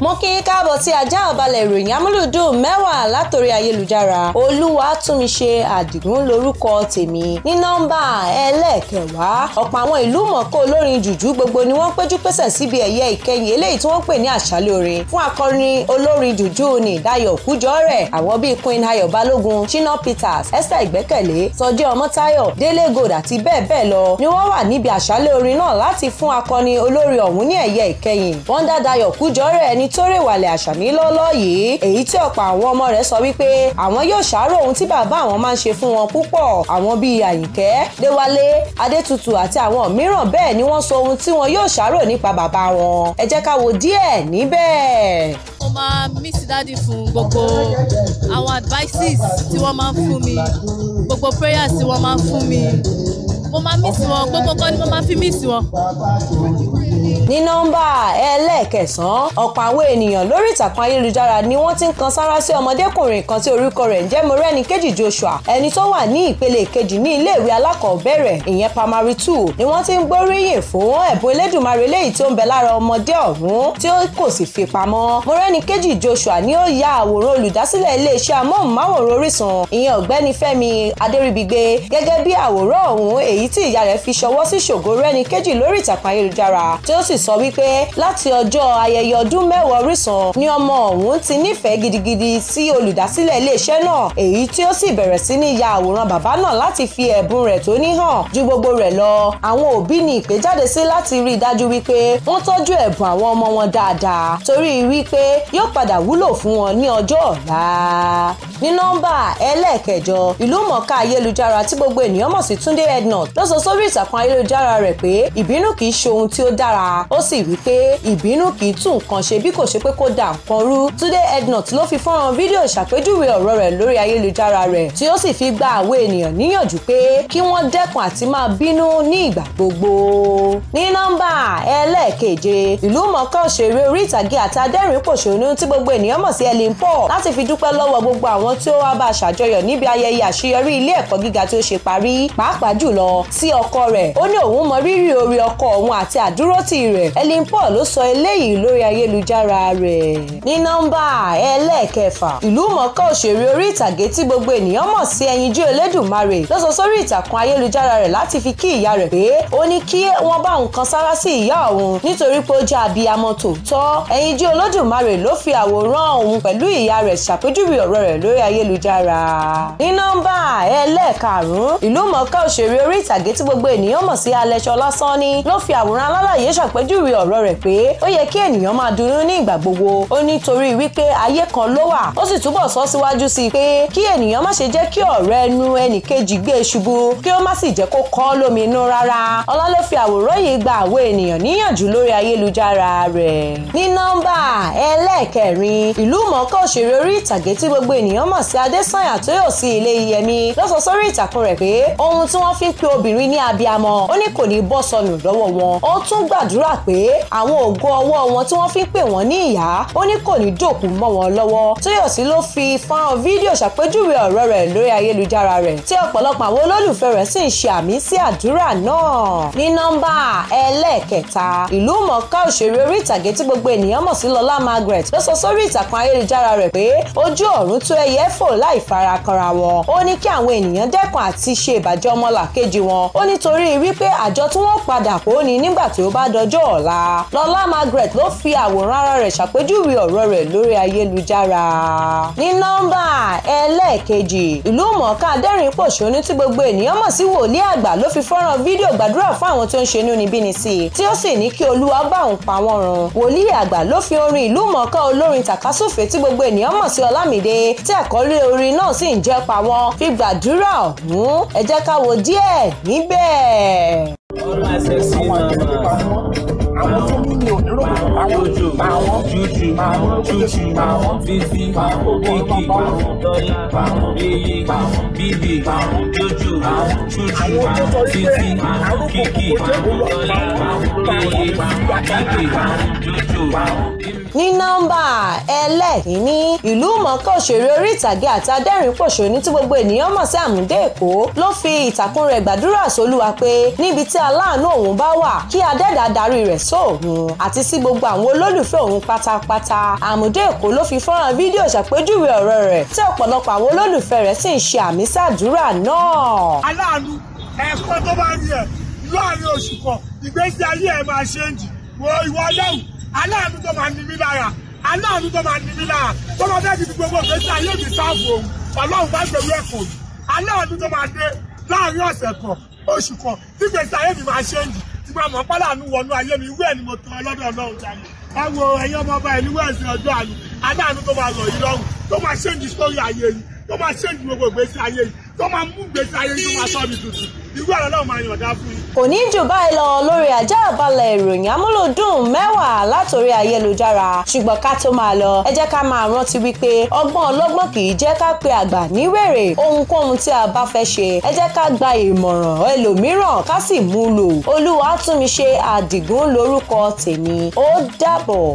mo kí yín káàbọ̀ sí ajá ọ̀balẹ̀ ìròyìn amúlùdùn mẹ́wàá látòrí ayélujára olúwatúnmiṣe àdìgún lórúkọ tèmi ní nọ́mbà ẹlẹ́ẹ̀kẹwàá ọ̀pọ̀ àwọn ìlú mọ̀ọ́ká olórin jùjú gbogbo ni wọ́n péjú pésẹ̀ síbi ẹ̀yẹ ìkẹyìn eléyìí tí wọ́n pè ní àṣálẹ́ orin fún akọrin olórin jùjú ní Dayọ̀ Kújọ́rẹ̀ àwọn bíi Queen Ayọ̀ Balógun Shina Peters Esther Ìgbẹ́kẹ̀lé Sọjí Ọmọ́táyọ̀ Délé Gold ni wọ́n wà níbi àṣálẹ́ orin náà láti fún akọrin olórin ọ̀hún ní ẹ̀yẹ ìkẹyìn ọkùnrin tó rèwàlẹ̀ àṣàmí lọ́lọ́ yìí èyí tí ọ̀pọ̀ àwọn ọmọ rẹ̀ sọ wípé àwọn yóò ṣàárò ohun tí bàbá àwọn máa ń ṣe fún wọn púpọ̀ àwọn bíi àyìnkẹ́ déwálé adétutù àti àwọn mìíràn bẹ́ẹ̀ ni wọ́n sọ ohun tí wọn yóò ṣàárò nípa bàbá wọn ẹ jẹ́ ká wo díẹ̀ níbẹ̀. mo máa miss dádì fún gbogbo àwọn advices tí wọ́n máa ń fún mi gbogbo prayers tí wọ́n máa ń fún mi mo máa miss wọn gbogbo nǹkan ni mo máa fi miss wọn. ní nọ́mbà ẹlẹ́ẹ̀kẹsàn-án ọ̀pọ̀ àwọn ènìyàn lórí ìtàkùn ayélujára ni wọ́n ti ń kan sára sí ọmọdékùnrin kan tí orúkọ rẹ̀ ń jẹ́ Mọ́rẹ́nikejì Joshua ẹni tó wà ní ìpele kejì ní iléèwé alákọ̀ọ́bẹ̀rẹ̀ ìyẹn primary two ni wọ́n ti ń gbóríyìn fún ẹ̀bùn Elédùmarè léyìí tó ń bẹ lára ọmọdé ọ̀hún tí ó kò sì fi pamọ́ Mọ́rẹ́nikejì Joshua ni ó ya àwòrán olùdásílẹ̀ iléeṣẹ́ amóhùnmáwòrán Orísun ìyẹn ọ̀gbẹ́ni Fẹ́mi Adéríbigbé gẹ́gẹ́ bí àwòrán ọ̀hún èyí èyí tí ìyá rẹ̀ fi ṣọwọ́ sí ṣògo rẹ́ni kejì lórí ìtàkùn ayélujára tí ó sì sọ wípé láti ọjọ́ ayẹyẹ ọdún mẹ́wàá Orísun ni ọmọ ọ̀hún ti nífẹ̀ẹ́ gidigidi sí olùdásílẹ̀ iléeṣẹ́ náà èyí tí ó sì bẹ̀rẹ̀ sí ní ya àwòrán bàbá náà láti fi ẹ̀bùn rẹ̀ tó ní hàn ju gbogbo rẹ̀ lọ àwọn òbí ni ìpè jáde sí láti rí i dájú wípé wọ́n tọ́jú ẹ̀bùn àwọn ọmọ wọn dáadáa torí wípé yóò padà wúlò fún wọn ní ọjọ́ ọ̀la ní nọ́mbà ẹlẹ́ẹ̀kẹjọ ìlú mọ̀ọ́ká ayélujára tí gbogbo ènìyàn mọ̀ sí Túndé Ednut ló sọ sórí ìtàkùn ayélujára rẹ̀ pé ìbínú kì í ṣe ohun tí ó dára ó sì wí pé ìbínú kì í tún nǹkan ṣe bí kò ṣe pé kó dà nǹkan rú Túndé Ednut ló fi fọ́nrán fídíò ṣàpèjúwe ọ̀rọ̀ rẹ̀ lórí ayélujára rẹ̀ tí ó sì fi gba àwọn ènìyàn níyànjú pé kí wọ́n dẹ́kun àti máa bínú ní ìgbà gbogbo. ní nọ́mbà ẹlẹ́ẹ̀keje ìlú mọ̀ọ́ká òṣèré orí ìtàgé àti adẹ́rìn-pòṣónú tí gbogbo ènìyàn mọ̀ sí Ellen Paul láti fi dúpẹ́ lọ́wọ́ gbogbo àwọn tí ó wá bá a ṣàjọyọ̀ níbi ayẹyẹ àṣeyọrí ilé ẹ̀kọ́ gíga tí ó ṣe parí pàápàá jùlọ sí ọkọ rẹ̀ ó ní òun mọ rírì orí ọkọ òun àti àdúrótì rẹ̀ Ellen Paul ló sọ eléyìí lórí ayélujára rẹ̀ ní nọ́mbà ẹlẹ́ẹ̀kẹfà ìlú mọ̀ọ́ká òṣèré orí ìtàgé tí gbogbo ènìyàn mọ̀ sí ẹyinjú Elédùmarè ló sọ sórí ìtàkùn ayélujára rẹ̀ láti fi kí ìyá rẹ̀ pé ó ní kí wọ́n bá nǹkan sára sí ìyá òun nítorí pé ó jẹ́ abiyamọ tòótọ́ ẹyinjú Olódùmarè ló fi àwòrán òun pẹ̀lú ìyá rẹ̀ ṣàpèjúwe ọ̀rọ̀ rẹ̀ lórí ayélujára ní ìtàgé tí gbogbo ènìyàn mọ̀ sí Alẹ́ṣọ Lásánní ló fi àwòrán alálàyé ṣàpèjúwe ọ̀rọ̀ rẹ̀ pé ó yẹ kí ènìyàn máa dunnú ní ìgbà gbogbo ó nítorí wípé ayé kan ló wà ó sì túbọ̀ sọ síwájú sí i pé kí ènìyàn má ṣe jẹ́ kí ọ̀rẹ́ ẹnu ẹnì kejì gbé ṣubú kí ó má sì jẹ́ kó kọ́ lómi inú rárá ọlá ló fi àwòrán yìí gba àwọn ènìyàn níyànjú lórí ayélujára rẹ̀ ní nọ́mbà ẹlẹ́ẹ̀kẹrin ìlú mọ̀ọ́ká òṣèré orí ìtàgé tí gbogbo ènìyàn mọ̀ sí Adésànyà Tóyọ̀sí Iléyẹmí ló sọ sórí ìtàkùn rẹ̀ pé ohun tí wọ́n fi pe obìnrin ní abiyamọ ó ní kò ní bọ́ sọnù lọ́wọ́ wọn ó tún gbàdúrà pé àwọn ògo ọwọ́ wọn tí wọ́n fi ń pè wọ́n ní ìyá ó ní kò ní dòkú mọ́ wọn lọ́wọ́ Tóyọ̀sí ló fi fáwọn fídíò ṣàpèjúwe ọ̀rọ̀ rẹ̀ lórí ayélujára rẹ̀ tí ọ̀pọ̀lọpọ̀ àwọn olólùfẹ́ rẹ̀ sì ń ṣe àmì sí àdúrà náà ní nọ́mbà ẹlẹ́ẹ̀kẹta ìlú mọ̀ọ́ká òṣèré orí ìtàgé tí gbogbo ènìyàn mọ̀ sí Lọlá Margaret ló sọ sórí ìtàkùn ayélujára rẹ̀ pé ojú ọ̀run tó ẹyẹ fò láì fara wọn ó ní kí àwọn ènìyàn dẹ́kun àti ṣe ìbàjẹ́ ọmọlàkejì wọn ó nítorí wípé àjọ tí wọ́n padà kó ni nígbà tí ó bá dọjọ́ ọ̀la lọ́lá Margaret ló fi àwòrán ara rẹ̀ ṣàpèjúwe ọ̀rọ̀ rẹ̀ lórí ayélujára ní nọ́mbà ẹlẹ́ẹ̀kejì ìlú mọ̀ọ́ká dẹ́rìn pòṣónú tí gbogbo ènìyàn mọ̀ sí wòlíì àgbà ló fi fọ́nrán fídíò gbàdúrà fún àwọn tó ń ṣe inúnibíni sí i tí ó sì ní kí olúwa bá òun pa wọ́n run wòlíì àgbà ló fi orin ìlú mọ̀ọ́ká olórin tàkásùfé tí gbogbo ènìyàn mọ̀ sí ọlámídé tí àkọ́lé orin náà sì ń jẹ́ pa wọ́n fi gbàdúrà ọ̀hún ẹ jẹ́ ká wo díẹ̀ níbẹ̀. àwọn ìdílé máa mọ́ àwọn tó ní ní òdúró àwọn àwọn jújù àwọn jújù àwọn fífi òkìkì dọ́là iye bíbí jújù jújù fífi òkìkì dọ́là iye bíbí jújù ní nọ́mbà ẹlẹ́kìnní ìlú mọ̀ọ́ká òṣèré orí ìtàgé àti adẹ́rìn-pọ̀ṣónú tí gbogbo ènìyàn mọ̀ sí àmúdé èkó ló fi ìtàkùn rẹ̀ gbàdúrà sólúwa pé níbi tí aláàánú òun bá wà kí adẹ́dàá darí rẹ̀ sóòhun àti sí gbogbo àwọn olólùfẹ́ òun pátápátá àmùdé èkó ló fi fọ́nrán fídíò ṣàpèjúwe ọ̀rọ̀ rẹ̀ tí ọ̀pọ̀lọpọ̀ àwọn olólùfẹ́ rẹ̀ sì ń ṣe àmì sàdúrà náà. aláàánú ẹ̀kọ́ tó bá rí ẹ̀ láàrin oṣù kan ìgbésí ayé ẹ̀ máa ṣe ń jì wo ìwọ ọlọ́run aláàánú tó máa ní mí lára aláàánú tó máa ní mí lára tó máa bẹ́ẹ̀ di gbogbo ìgbésí ayé mi sáàbù òun ọlọ́run bá gbèrú ẹ̀kọ́ aláàánú oṣù kan tí gbèsè ayé mi máa ṣe ń jì tí mo mọ̀ pálá àánú wọnú ayé mi wẹ́ẹ̀ ni mo tọ́ ọlọ́dọ̀ ọlọ́run jáde ẹ wo ẹ̀yin ọmọ ọba ìlú ẹ̀sìn ọjọ́ àánú adáàánú tó máa lọ yìí lọ́rùn tó máa ṣe ń jì sórí ayé yìí tó máa ṣe ń jì gbogbo ìgbésí ayé yìí tó máa mú ìgbésí ayé yìí tó máa sọ́ọ̀bì tuntun ìwé ọ̀rọ̀ náà máa yọ̀dá fún yín kò ní jù báyìí lọ lórí ajá àbálẹ̀ ìròyìn amúlòdùn mẹ́wàá látòrí ayélujára ṣùgbọ́n ká tó máa lọ ẹ jẹ́ ká máa rántí wípé ọgbọ́n ọlọ́gbọ́n kì í jẹ́ ká pe àgbà níwèrè ohunkóhun tí a bá fẹ́ ṣe ẹ jẹ́ ká gba ìmọ̀ràn ẹlòmíràn ká sì mú lò Olúwatúnmiṣe Àdìgún lórúkọ tèmi ó dàbọ̀.